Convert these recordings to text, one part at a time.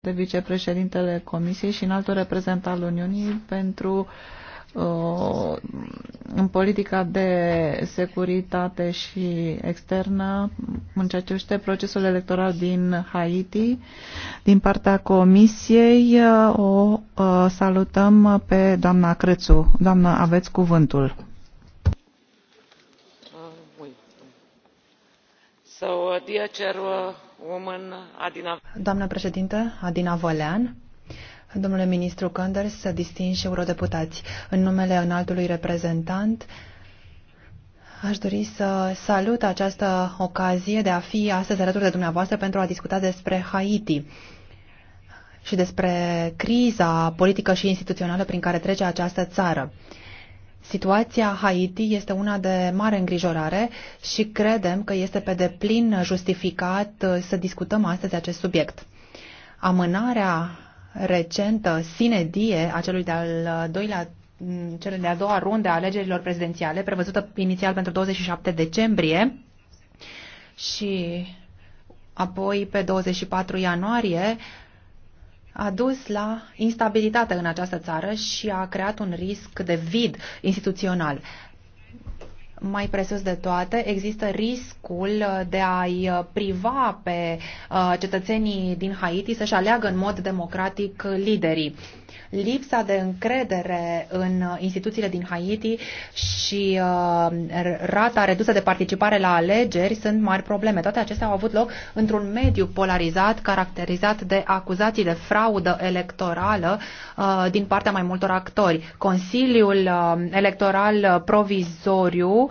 de vicepreședintele Comisiei și în altul reprezentant al Uniunii pentru uh, în politica de securitate și externă în ceea ce este procesul electoral din Haiti. Din partea Comisiei uh, o uh, salutăm pe doamna Crețu. Doamna, aveți cuvântul. Uh, Doamnă președintă, Adina vălean Domnule ministru Conders, distinși eurodeputați, în numele înaltului reprezentant, Aș dori să salut această ocazie de a fi astăzi alături de dumneavoastră pentru a discuta despre Haiti și despre criza politică și instituțională prin care trece această țară. Situația Haiti este una de mare îngrijorare și credem că este pe deplin justificat uh, să discutăm astăzi acest subiect. Amânarea recentă sine die a celui de-al uh, doilea mm, cele de-a doua runde a alegerilor prezidențiale, prevăzută inițial pentru 27 decembrie și apoi pe 24 ianuarie, a dus la instabilitate în această țară și a creat un risc de vid instituțional. Mai presus de toate, există riscul de a-i priva pe uh, cetățenii din Haiti să-și aleagă în mod democratic liderii Lipsa de încredere în uh, instituțiile din Haiti și uh, rata redusă de participare la alegeri sunt mari probleme. Toate acestea au avut loc într-un mediu polarizat, caracterizat de acuzații de fraudă electorală uh, din partea mai multor actori. Consiliul uh, Electoral Provizoriu uh,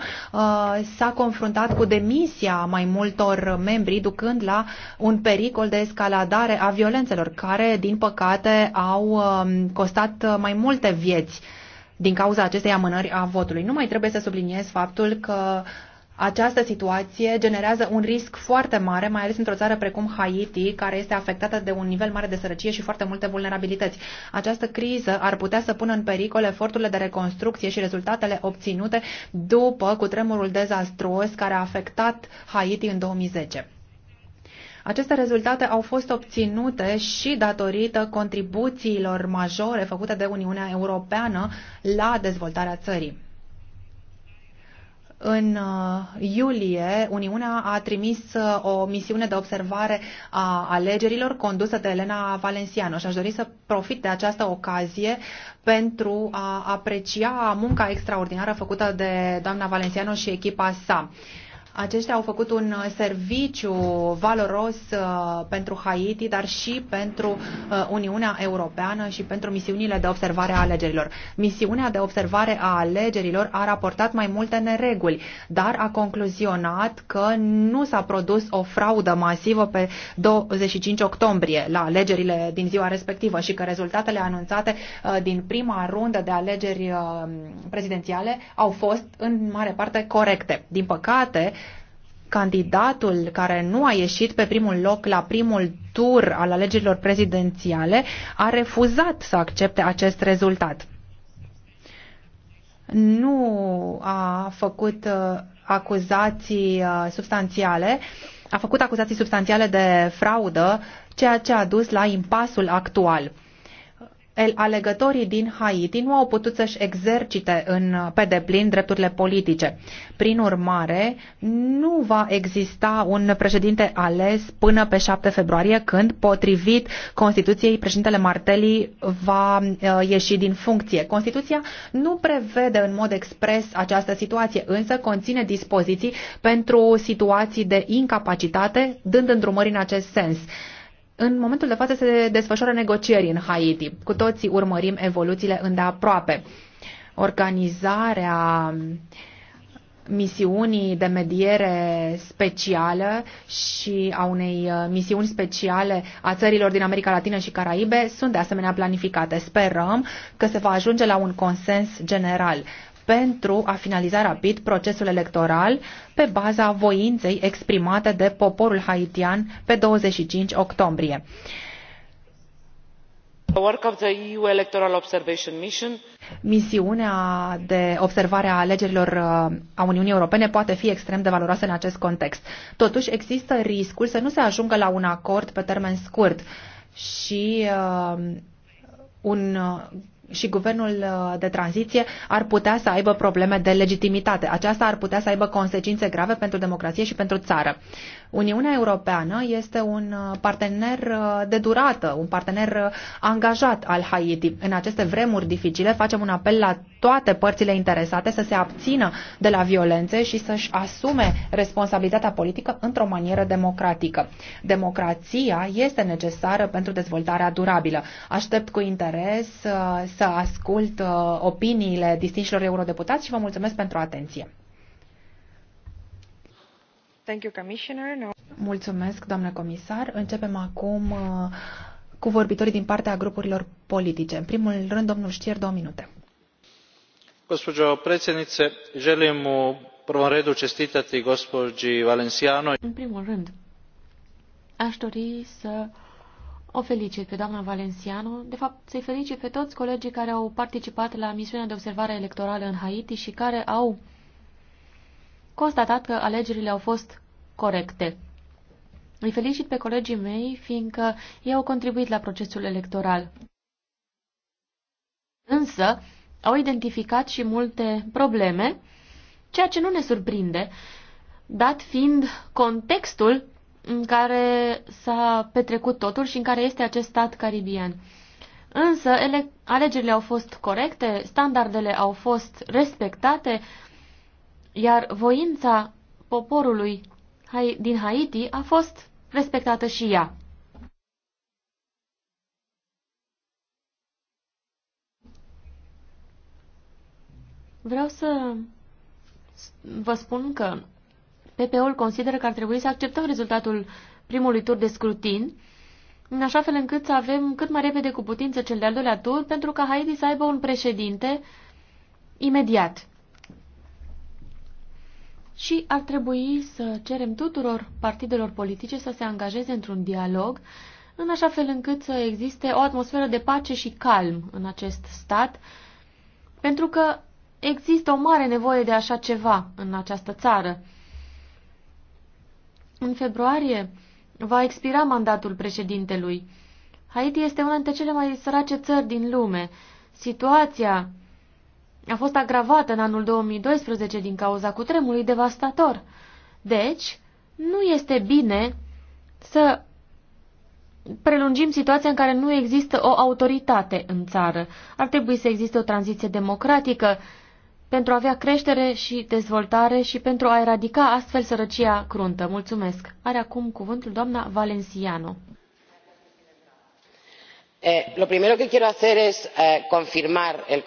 s-a confruntat cu demisia mai multor membri, ducând la un pericol de escaladare a violențelor, care, din păcate, au uh, Um, costat uh, mai multe vieți din cauza acestei amânări a votului. Nu mai trebuie să subliniez faptul că această situație generează un risc foarte mare, mai ales într-o țară precum Haiti, care este afectată de un nivel mare de sărăcie și foarte multe vulnerabilități. Această criză ar putea să pună în pericol eforturile de reconstrucție și rezultatele obținute după cutremurul dezastruos care a afectat Haiti în 2010. Aceste rezultate au fost obținute și datorită contribuțiilor majore făcute de Uniunea Europeană la dezvoltarea țării. În uh, iulie, Uniunea a trimis uh, o misiune de observare a alegerilor condusă de Elena Valenciano și aș dori să profit de această ocazie pentru a aprecia munca extraordinară făcută de doamna Valenciano și echipa sa. Uh, aceștia au făcut un uh, serviciu valoros uh, pentru Haiti, dar și pentru uh, Uniunea Europeană și pentru misiunile de observare a alegerilor. Misiunea de observare a alegerilor a raportat mai multe nereguli, dar a concluzionat că nu s-a produs o fraudă masivă pe 25 octombrie la alegerile din ziua respectivă și că rezultatele anunțate din prima rundă de alegeri prezidențiale au fost în mare parte corecte. Din păcate, candidatul care nu a ieșit pe primul loc la primul tur al alegerilor prezidențiale a refuzat să accepte acest rezultat. Nu a făcut uh, acuzații uh, substanțiale, a făcut acuzații substanțiale de fraudă, ceea ce a dus la impasul actual alegătorii din Haiti nu au putut să-și exercite în, pe deplin drepturile politice. Prin urmare, nu va exista un președinte ales până pe 7 februarie, când, potrivit Constituției, președintele Martelli va uh, ieși din funcție. Constituția nu prevede în mod expres această situație, însă conține dispoziții pentru situații de incapacitate, dând îndrumări în acest sens. În momentul de față se desfășoară negocieri în Haiti. Cu toții urmărim evoluțiile îndeaproape. Organizarea misiunii de mediere specială și a unei uh, misiuni speciale a țărilor din America Latină și Caraibe sunt de asemenea planificate. Sperăm că se va ajunge la un consens general pentru a finaliza rapid procesul electoral pe baza voinței exprimate de poporul haitian pe 25 octombrie. Misiunea de observare a alegerilor uh, a Uniunii Europene poate fi extrem de valoroasă în acest context. Totuși, există riscul să nu se ajungă la un acord pe termen scurt și uh, un uh, și guvernul uh, de tranziție ar putea să aibă probleme de legitimitate. Aceasta ar putea să aibă consecințe grave pentru democrație și pentru țară. Uniunea Europeană este un uh, partener uh, de durată, un partener uh, angajat al Haiti. În aceste vremuri dificile facem un apel la toate părțile interesate să se abțină de la violențe și să-și asume responsabilitatea politică într-o manieră democratică. Democrația este necesară pentru dezvoltarea durabilă. Aștept cu interes să ascult opiniile distinșilor eurodeputați și vă mulțumesc pentru atenție. Thank you, Commissioner. No. Mulțumesc, doamnă comisar. Începem acum uh, cu vorbitorii din partea grupurilor politice. În primul rând, domnul Știer, două minute. Gospođo predsjednice, želim u prvom redu čestitati gospođi Valenciano. În primul rând, aș dori să o felicit pe doamna Valenciano, de fapt să-i felicit pe toți colegii care au participat la misiunea de observare electorală în Haiti și care au constatat că alegerile au fost corecte. Îi felicit pe colegii mei, fiindcă ei au contribuit la procesul electoral. Însă, au identificat și multe probleme, ceea ce nu ne surprinde, dat fiind contextul în care s-a petrecut totul și în care este acest stat caribian. Însă ele, alegerile au fost corecte, standardele au fost respectate, iar voința poporului din Haiti a fost respectată și ea. Vreau să vă spun că PPO-ul consideră că ar trebui să acceptăm rezultatul primului tur de scrutin, în așa fel încât să avem cât mai repede cu putință cel de-al doilea tur, pentru ca Haiti să aibă un președinte imediat și ar trebui să cerem tuturor partidelor politice să se angajeze într-un dialog, în așa fel încât să existe o atmosferă de pace și calm în acest stat, pentru că există o mare nevoie de așa ceva în această țară. În februarie va expira mandatul președintelui. Haiti este una dintre cele mai sărace țări din lume. Situația a fost agravată în anul 2012 din cauza cutremului devastator. Deci, nu este bine să prelungim situația în care nu există o autoritate în țară. Ar trebui să existe o tranziție democratică pentru a avea creștere și dezvoltare și pentru a eradica astfel sărăcia cruntă. Mulțumesc. Are acum cuvântul doamna Valenciano. Eh, lo primero que quiero hacer es eh, confirmar el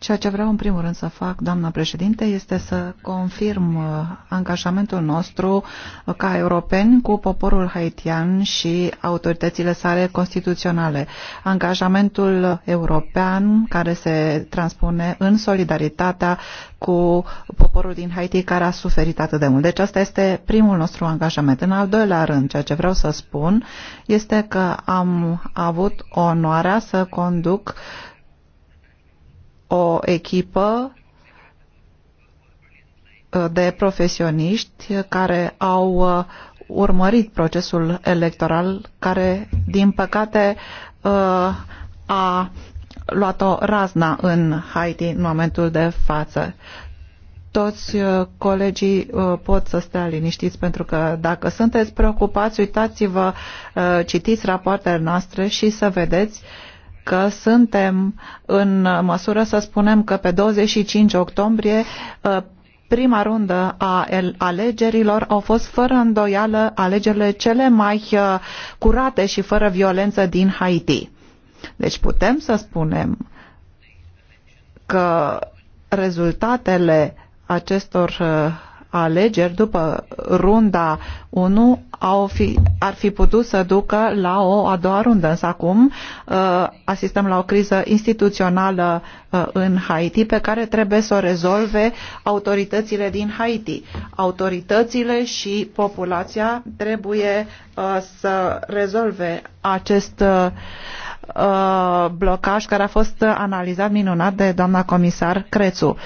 Ceea ce vreau în primul rând să fac, doamna președinte, este să confirm uh, angajamentul nostru uh, ca europeni cu poporul haitian și autoritățile sale constituționale. Angajamentul european care se transpune în solidaritatea cu poporul din Haiti care a suferit atât de mult. Deci asta este primul nostru angajament. În al doilea rând, ceea ce vreau să spun este că am avut onoarea să conduc uh, o echipă uh, de profesioniști care au uh, urmărit procesul electoral care, din păcate, uh, a luat-o razna în Haiti în momentul de față. Toți colegii pot să stea liniștiți pentru că dacă sunteți preocupați, uitați-vă, citiți rapoartele noastre și să vedeți uh, că suntem în măsură să spunem că pe 25 octombrie uh, prima rundă a alegerilor au fost fără îndoială alegerile cele mai uh, curate și fără violență din Haiti. Deci putem să spunem că rezultatele acestor uh, alegeri după runda 1 au fi, ar fi putut să ducă la o a doua rundă. Însă acum uh, asistăm la o criză instituțională uh, în Haiti pe care trebuie să o rezolve autoritățile din Haiti. Autoritățile și populația trebuie uh, să rezolve acest uh, blocaj care a fost analizat minunat de doamna comisar Crețu.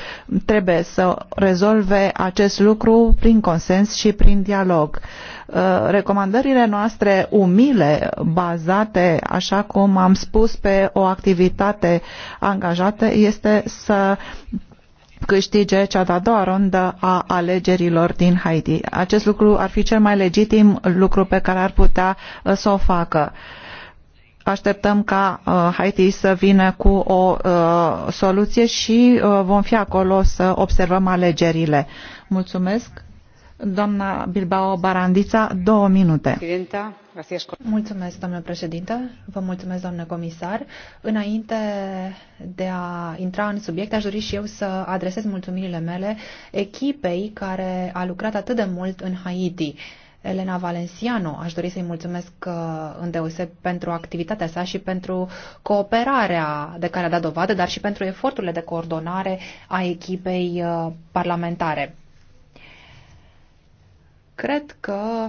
Trebuie să rezolve acest lucru prin consens și prin dialog. Uh, recomandările noastre umile, bazate, așa cum am spus, pe o activitate angajată, este să câștige cea de-a doua rundă a alegerilor din Haiti. Acest lucru ar fi cel mai legitim lucru pe care ar putea uh, să o facă. Uh, așteptăm ca uh, Haiti să vină cu o uh, soluție și uh, vom fi acolo să observăm alegerile. Mulțumesc. Doamna Bilbao Barandița, două minute. Mulțumesc, doamnă președintă. Vă mulțumesc, doamnă comisar. Înainte de a intra în subiect, aș dori și eu să adresez mulțumirile mele echipei care a lucrat atât de mult în Haiti. Uh, Elena Valenciano. Aș dori să-i mulțumesc uh, îndeoseb pentru activitatea sa și pentru cooperarea de care a dat dovadă, dar și pentru eforturile de coordonare a echipei uh, parlamentare. Cred că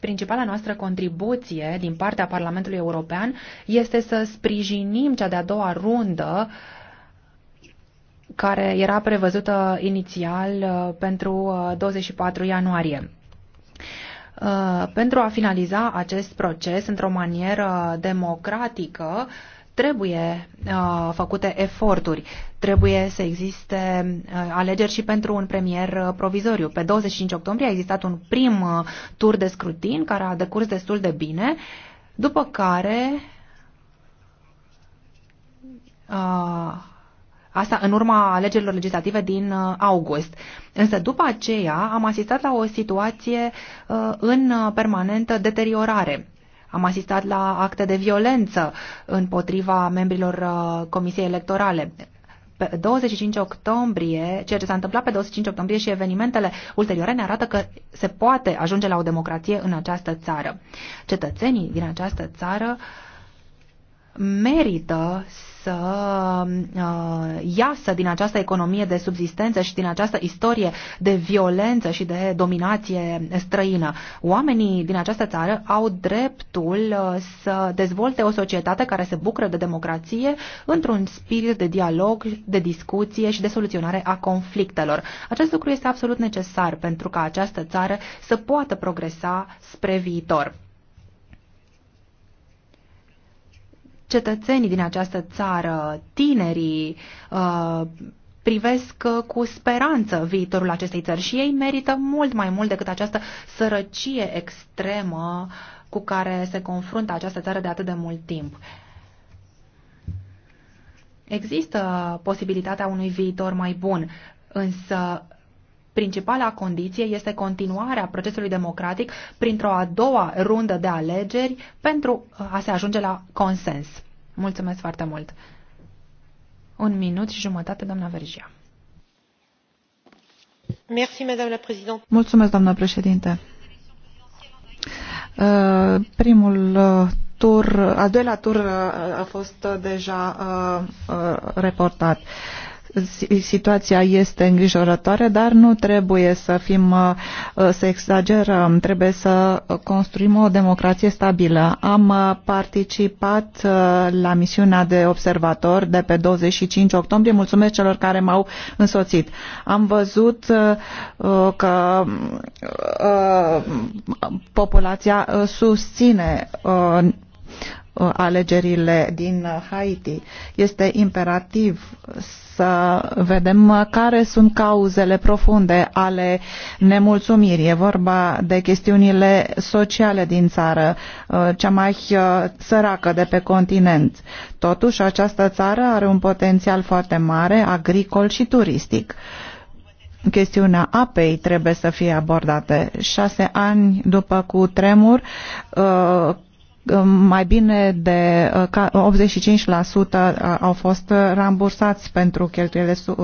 principala noastră contribuție din partea Parlamentului European este să sprijinim cea de-a doua rundă care era prevăzută inițial uh, pentru 24 ianuarie. Uh, pentru a finaliza acest proces într-o manieră democratică, trebuie uh, făcute eforturi. Trebuie să existe uh, alegeri și pentru un premier uh, provizoriu. Pe 25 octombrie a existat un prim uh, tur de scrutin care a decurs destul de bine, după care uh, Asta în urma alegerilor legislative din uh, august. Însă după aceea am asistat la o situație uh, în permanentă deteriorare. Am asistat la acte de violență împotriva membrilor uh, Comisiei Electorale. Pe 25 octombrie, ceea ce s-a întâmplat pe 25 octombrie și evenimentele ulterioare ne arată că se poate ajunge la o democrație în această țară. Cetățenii din această țară merită să uh, iasă din această economie de subsistență și din această istorie de violență și de dominație străină. Oamenii din această țară au dreptul uh, să dezvolte o societate care se bucură de democrație într-un spirit de dialog, de discuție și de soluționare a conflictelor. Acest lucru este absolut necesar pentru ca această țară să poată progresa spre viitor. cetățenii din această țară, tinerii, uh, privesc uh, cu speranță viitorul acestei țări și ei merită mult mai mult decât această sărăcie extremă cu care se confruntă această țară de atât de mult timp. Există posibilitatea unui viitor mai bun, însă principala condiție este continuarea procesului democratic printr-o a doua rundă de alegeri pentru uh, a se ajunge la consens. Mulțumesc foarte mult! Un minut și jumătate, doamna Vergia. Mulțumesc, doamna președinte. Uh, primul uh, tur, al doilea tur a fost deja reportat situația este îngrijorătoare, dar nu trebuie să fim, uh, uh, să exagerăm, trebuie să construim o democrație stabilă. Am uh, participat la misiunea de observator de pe 25 octombrie. Mulțumesc celor care m-au însoțit. Am văzut că populația susține alegerile din Haiti. Este imperativ să vedem care sunt cauzele profunde ale nemulțumirii. E vorba de chestiunile sociale din țară, uh, cea mai uh, săracă de pe continent. Totuși, această țară are un potențial foarte mare, agricol și turistic chestiunea apei trebuie să fie abordată. Șase ani după cu tremur, uh, mai bine de 85% uh, uh, au fost rambursați pentru cheltuielile uh,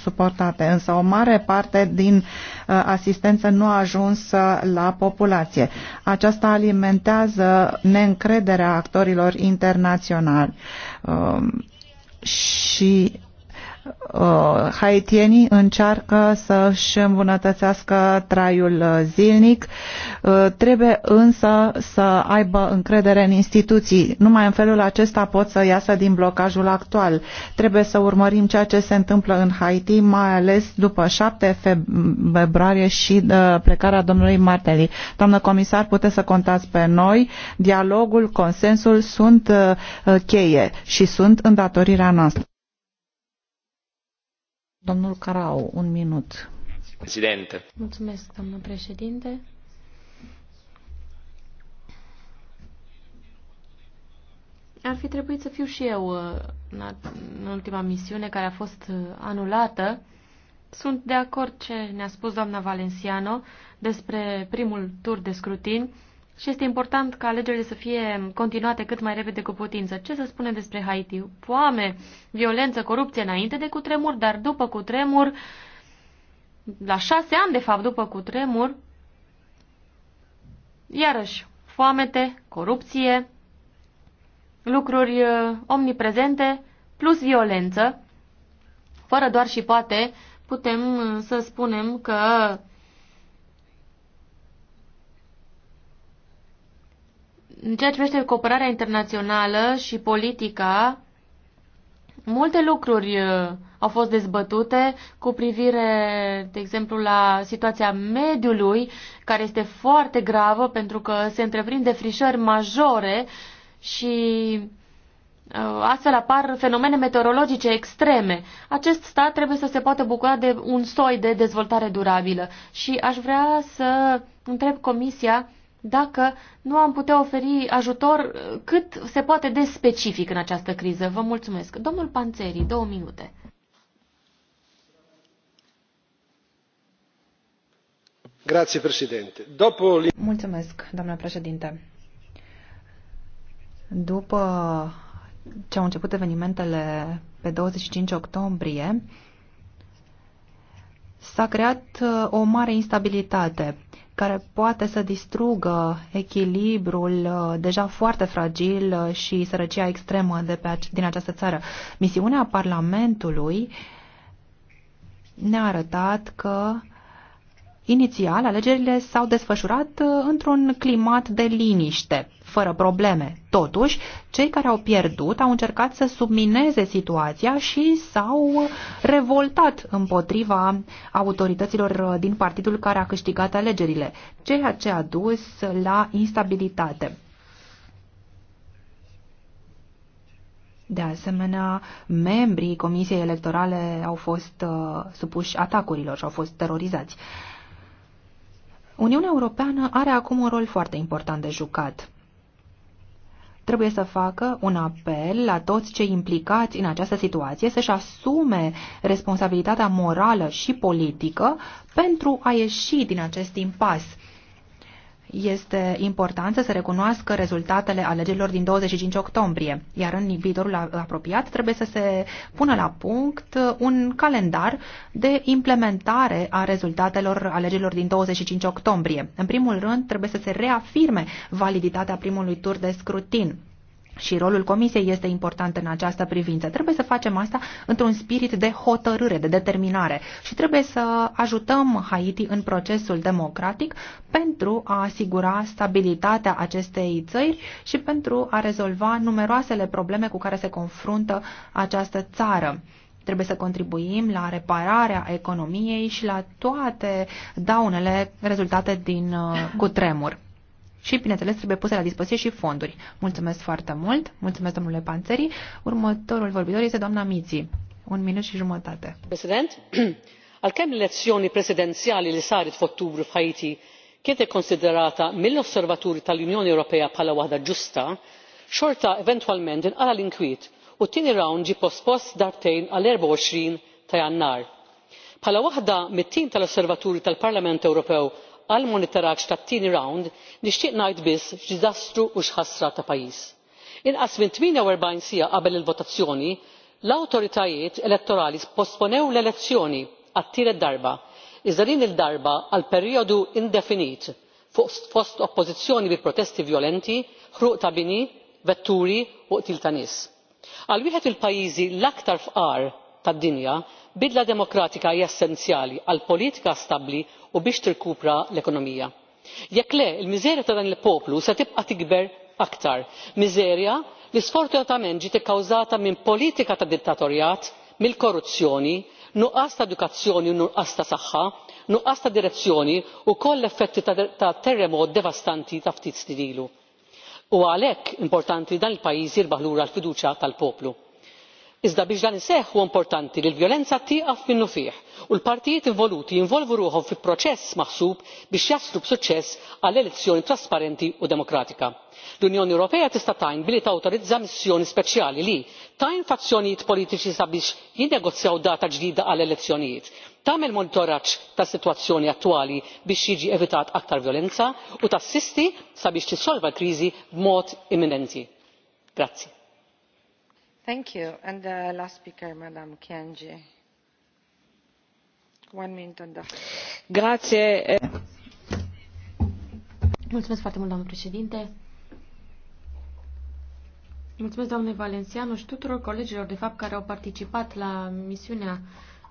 suportate, însă o mare parte din asistență nu a ajuns la populație. Aceasta alimentează neîncrederea actorilor internaționali um, și Uh, haitienii încearcă să-și îmbunătățească traiul uh, zilnic, uh, trebuie însă să aibă încredere în instituții. Numai în felul acesta pot să iasă din blocajul actual. Trebuie să urmărim ceea ce se întâmplă în Haiti, mai ales după 7 februarie și plecarea domnului Marteli. Doamnă comisar, puteți să contați pe noi. Dialogul, consensul sunt cheie și sunt îndatorirea noastră. Domnul Carau, un minut. Presidente. Mulțumesc, domnul președinte. Ar fi trebuit să fiu și eu uh, în ultima misiune care a fost uh, anulată. Sunt de acord ce ne-a spus doamna Valenciano despre primul tur de scrutin și este important ca alegerile să fie continuate cât mai repede cu putință. Ce să spunem despre Haiti? Foame, violență, corupție înainte de cutremur, dar după cutremur, la șase ani de fapt după cutremur, iarăși foamete, corupție, lucruri uh, omniprezente plus violență. Fără doar și poate putem uh, să spunem că În ceea ce privește cooperarea internațională și politica, multe lucruri uh, au fost dezbătute cu privire, de exemplu, la situația mediului, care este foarte gravă pentru că se întreprind defrișări majore și uh, astfel apar fenomene meteorologice extreme. Acest stat trebuie să se poată bucura de un soi de dezvoltare durabilă. Și aș vrea să întreb Comisia dacă nu am putea oferi ajutor uh, cât se poate de specific în această criză. Vă mulțumesc. Domnul Panțeri, două minute. Grazie, președinte. Dopo... Mulțumesc, doamna președinte. După ce au început evenimentele pe 25 octombrie, s-a creat uh, o mare instabilitate care poate să distrugă echilibrul uh, deja foarte fragil uh, și sărăcia extremă de pe, din această țară. Misiunea Parlamentului ne-a arătat că Inițial, alegerile s-au desfășurat uh, într-un climat de liniște, fără probleme. Totuși, cei care au pierdut au încercat să submineze situația și s-au revoltat împotriva autorităților uh, din partidul care a câștigat alegerile, ceea ce a dus la instabilitate. De asemenea, membrii Comisiei Electorale au fost uh, supuși atacurilor și au fost terorizați. Uh, Uniunea Europeană are acum un rol foarte important de jucat. Trebuie să facă un apel la toți cei implicați în această situație să-și asume responsabilitatea morală și politică pentru a ieși din acest impas este important să se recunoască rezultatele alegerilor din 25 octombrie, iar în viitorul apropiat trebuie să se pună la punct un calendar de implementare a rezultatelor alegerilor din 25 octombrie. În primul rând, trebuie să se reafirme validitatea primului tur de scrutin și rolul comisiei este important în această privință. Trebuie să facem asta într-un spirit de hotărâre, de determinare și trebuie să ajutăm Haiti în procesul democratic pentru a asigura stabilitatea acestei țări și pentru a rezolva numeroasele probleme cu care se confruntă această țară. Trebuie să contribuim la repararea economiei și la toate daunele rezultate din uh, cutremur și, bineînțeles, trebuie puse la dispoziție și fonduri. Mulțumesc foarte mult, mulțumesc domnule Panțării. Următorul vorbitor este doamna Miții. Un minut și jumătate. President, għalkemm l prezidențiale presidenziali li saret f'Ottubru f'Haiti kienet ikkonsiderata mill-osservaturi tal-Unjoni Ewropea bħala waħda ġusta, xorta eventwalment inqala l-inkwiet u t-tieni round ġie pospost darbtejn għal 24 ta' Jannar. Bħala waħda mit-tim tal-Osservaturi tal-Parlament Ewropew għal monitoraġġ tat tieni round nixtieq ngħid biss x'diżastru u x'ħasra ta' pajjiż. inqas minn 48 siegħa qabel il-votazzjoni l-awtoritajiet elettorali sposponew l-elezzjoni għat-tielet darba iżda din id-darba għal perjodu indefinit fost oppożizzjoni bi protesti violenti, ħruq ta' bini vetturi u qtil ta' nies. għal wieħed il pajjiżi l aktar fqar tad dinja bidla demokratika hija essenzjali għal politika stabbli u biex tirkupra l-ekonomija. jekk le il miżerja ta' dan il poplu se tibqa' tikber aktar miżerja li sfortunatament ġiet ikkawżata minn politika ta' dittatorjat mill korruzzjoni nuqqas ta' edukazzjoni u nuqqas ta' saħħa nuqqas ta' direzzjoni u koll effetti ta' terremot devastanti ta' ftit snin ilu. u għalhekk importanti li dan il pajjiż jirbaħ lura l fiduċja tal poplu iżda biex dan iseħħ huwa importanti li l vjolenza tieqaf minnu fih u l-partijiet involuti jinvolvu ruħhom fi proċess maħsub biex jaslu b'suċċess għal elezzjoni trasparenti u demokratika. l-unjoni ewropea tista' tgħin billi tawtorizza missjoni speċjali li tgħin fazzjonijiet politiċi sabiex jinnegozjaw data ġdida għal elezzjonijiet tagħmel monitoraġġ tas-sitwazzjoni attwali biex jiġi evitat aktar vjolenza u tassisti sabiex tissolva l kriżi b'mod imminenti doamnă președinte mulțumesc doamnei valenciano și tuturor colegilor de fapt care au participat la misiunea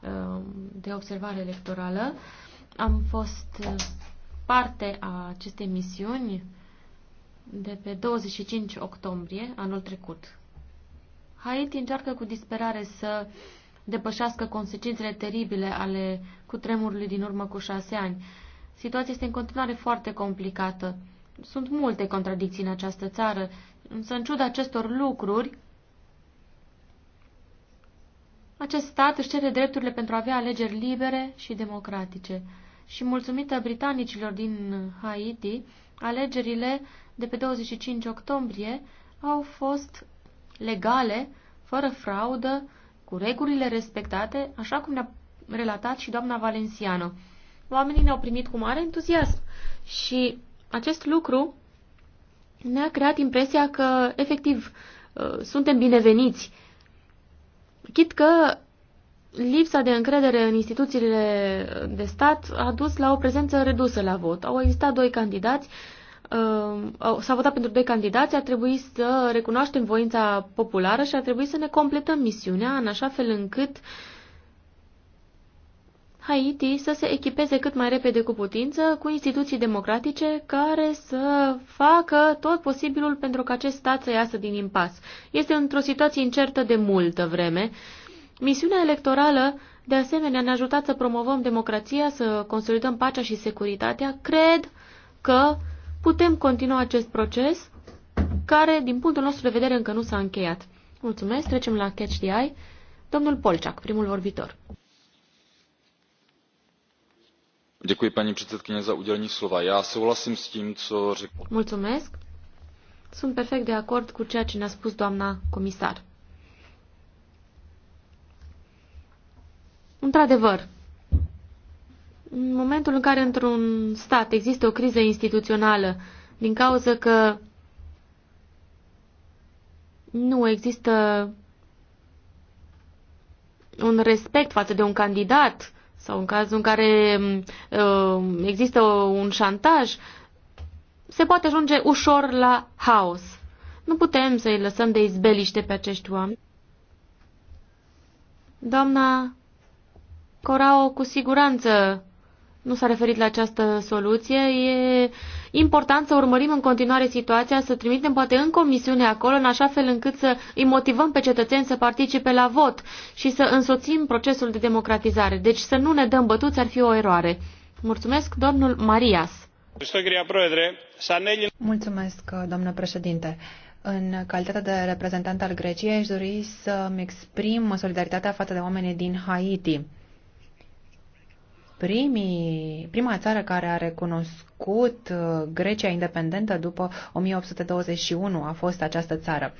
uh, de observare electorală. Am fost uh, parte a acestei misiuni de pe 25 octombrie anul trecut Haiti încearcă cu disperare să depășească consecințele teribile ale cutremurului din urmă cu șase ani. Situația este în continuare foarte complicată. Sunt multe contradicții în această țară, însă în ciuda acestor lucruri, acest stat își cere drepturile pentru a avea alegeri libere și democratice. Și mulțumită britanicilor din Haiti, alegerile de pe 25 octombrie au fost legale, fără fraudă, cu regulile respectate, așa cum ne-a relatat și doamna Valenciano. Oamenii ne-au primit cu mare entuziasm și acest lucru ne-a creat impresia că, efectiv, uh, suntem bineveniți. Chit că lipsa de încredere în instituțiile de stat a dus la o prezență redusă la vot. Au existat doi candidați Uh, s-a votat pentru doi candidați, ar trebui să recunoaștem voința populară și ar trebui să ne completăm misiunea în așa fel încât Haiti să se echipeze cât mai repede cu putință cu instituții democratice care să facă tot posibilul pentru ca acest stat să iasă din impas. Este într-o situație incertă de multă vreme. Misiunea electorală de asemenea ne-a ajutat să promovăm democrația, să consolidăm pacea și securitatea. Cred că putem continua acest proces care, din punctul nostru de vedere, încă nu s-a încheiat. Mulțumesc, trecem la Catch the Eye. Domnul Polciac, primul vorbitor. Děkuji, paní předsedkyně, za udělení slova. Já souhlasím s tím, co řekl. Mulțumesc. Sunt perfect de acord cu ceea ce ne-a spus doamna comisar. Într-adevăr, în momentul în care într-un stat există o criză instituțională din cauza că nu există un respect față de un candidat sau în cazul în care uh, există un șantaj, se poate ajunge ușor la haos. Nu putem să-i lăsăm de izbeliște pe acești oameni. Doamna Corao cu siguranță nu s-a referit la această soluție. E important să urmărim în continuare situația, să trimitem poate în comisiune acolo, în așa fel încât să îi motivăm pe cetățeni să participe la vot și să însoțim procesul de democratizare. Deci să nu ne dăm bătuți ar fi o eroare. Mulțumesc, domnul Marias. Mulțumesc, domnule președinte. În calitate de reprezentant al Greciei, aș dori să-mi exprim solidaritatea față de oamenii din Haiti primii, prima țară care a recunoscut uh, Grecia independentă după 1821 a fost această țară.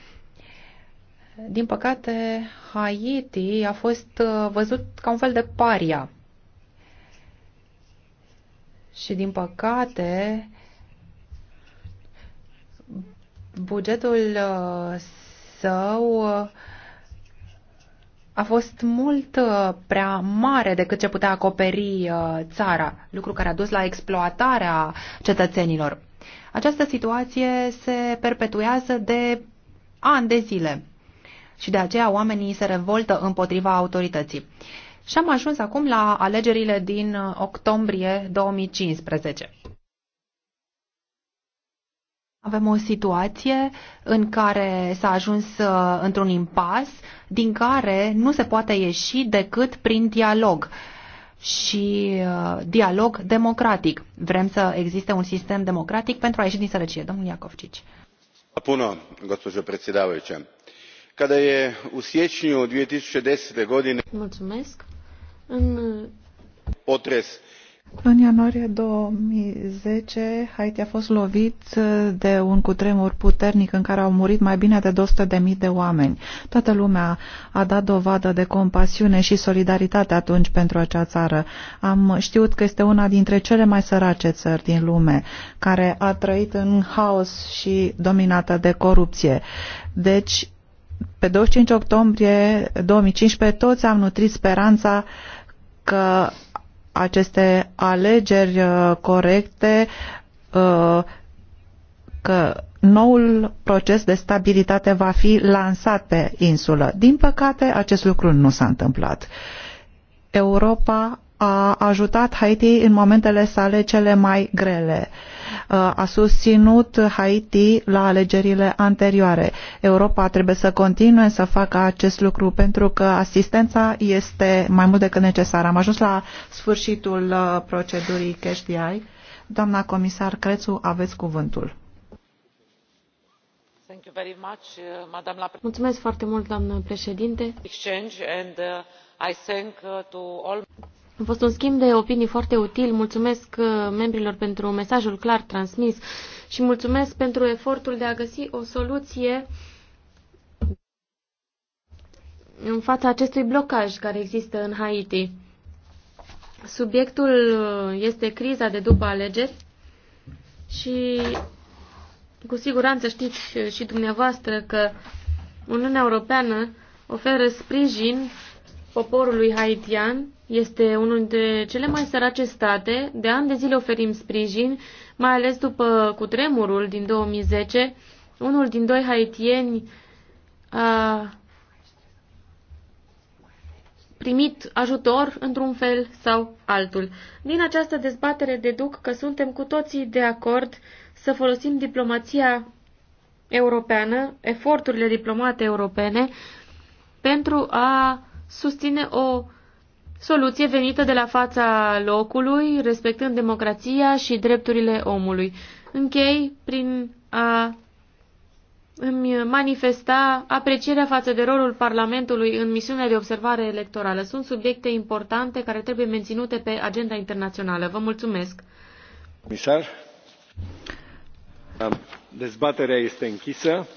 Din păcate, Haiti a fost uh, văzut ca un fel de paria. Și din păcate, bugetul uh, său uh, a fost mult uh, prea mare decât ce putea acoperi uh, țara, lucru care a dus la exploatarea cetățenilor. Această situație se perpetuează de ani de zile și de aceea oamenii se revoltă împotriva autorității. Și am ajuns acum la alegerile din uh, octombrie 2015. Avem o situație în care s-a ajuns uh, într-un impas din care nu se poate ieși decât prin dialog și uh, dialog democratic. Vrem să existe un sistem democratic pentru a ieși din sărăcie. Domnul Iacovcici. Puno, gospođo predsjedavajuća. Kada je u siječnju 2010. godine Mulțumesc. În... potres în ianuarie 2010, Haiti a fost lovit uh, de un cutremur puternic în care au murit mai bine de 200.000 de oameni. Toată lumea a dat dovadă de compasiune și solidaritate atunci pentru acea țară. Am știut că este una dintre cele mai sărace țări din lume, care a trăit în haos și dominată de corupție. Deci, pe 25 octombrie 2015, toți am nutrit speranța că aceste alegeri uh, corecte uh, că noul proces de stabilitate va fi lansat pe insulă. Din păcate, acest lucru nu s-a întâmplat. Europa a ajutat Haiti în momentele sale cele mai grele. A susținut Haiti la alegerile anterioare. Europa trebuie să continue să facă acest lucru pentru că asistența este mai mult decât necesară. Am ajuns la sfârșitul uh, procedurii CashDI. Doamna comisar Crețu, aveți cuvântul. Uh, Mulțumesc foarte mult, doamnă președinte. Exchange and uh, I thank to all a fost un schimb de opinii foarte util. Mulțumesc uh, membrilor pentru mesajul clar transmis și mulțumesc pentru efortul de a găsi o soluție în fața acestui blocaj care există în Haiti. Subiectul uh, este criza de după alegeri și cu siguranță știți și dumneavoastră că Uniunea Europeană oferă sprijin poporului haitian este unul dintre cele mai sărace state. De ani de zile oferim sprijin, mai ales după cutremurul din 2010. Unul din doi haitieni a primit ajutor într-un fel sau altul. Din această dezbatere deduc că suntem cu toții de acord să folosim diplomația europeană, eforturile diplomate europene, pentru a susține o soluție venită de la fața locului, respectând democrația și drepturile omului. Închei prin a îmi manifesta aprecierea față de rolul Parlamentului în misiunea de observare electorală. Sunt subiecte importante care trebuie menținute pe agenda internațională. Vă mulțumesc. Comisar, dezbaterea este închisă.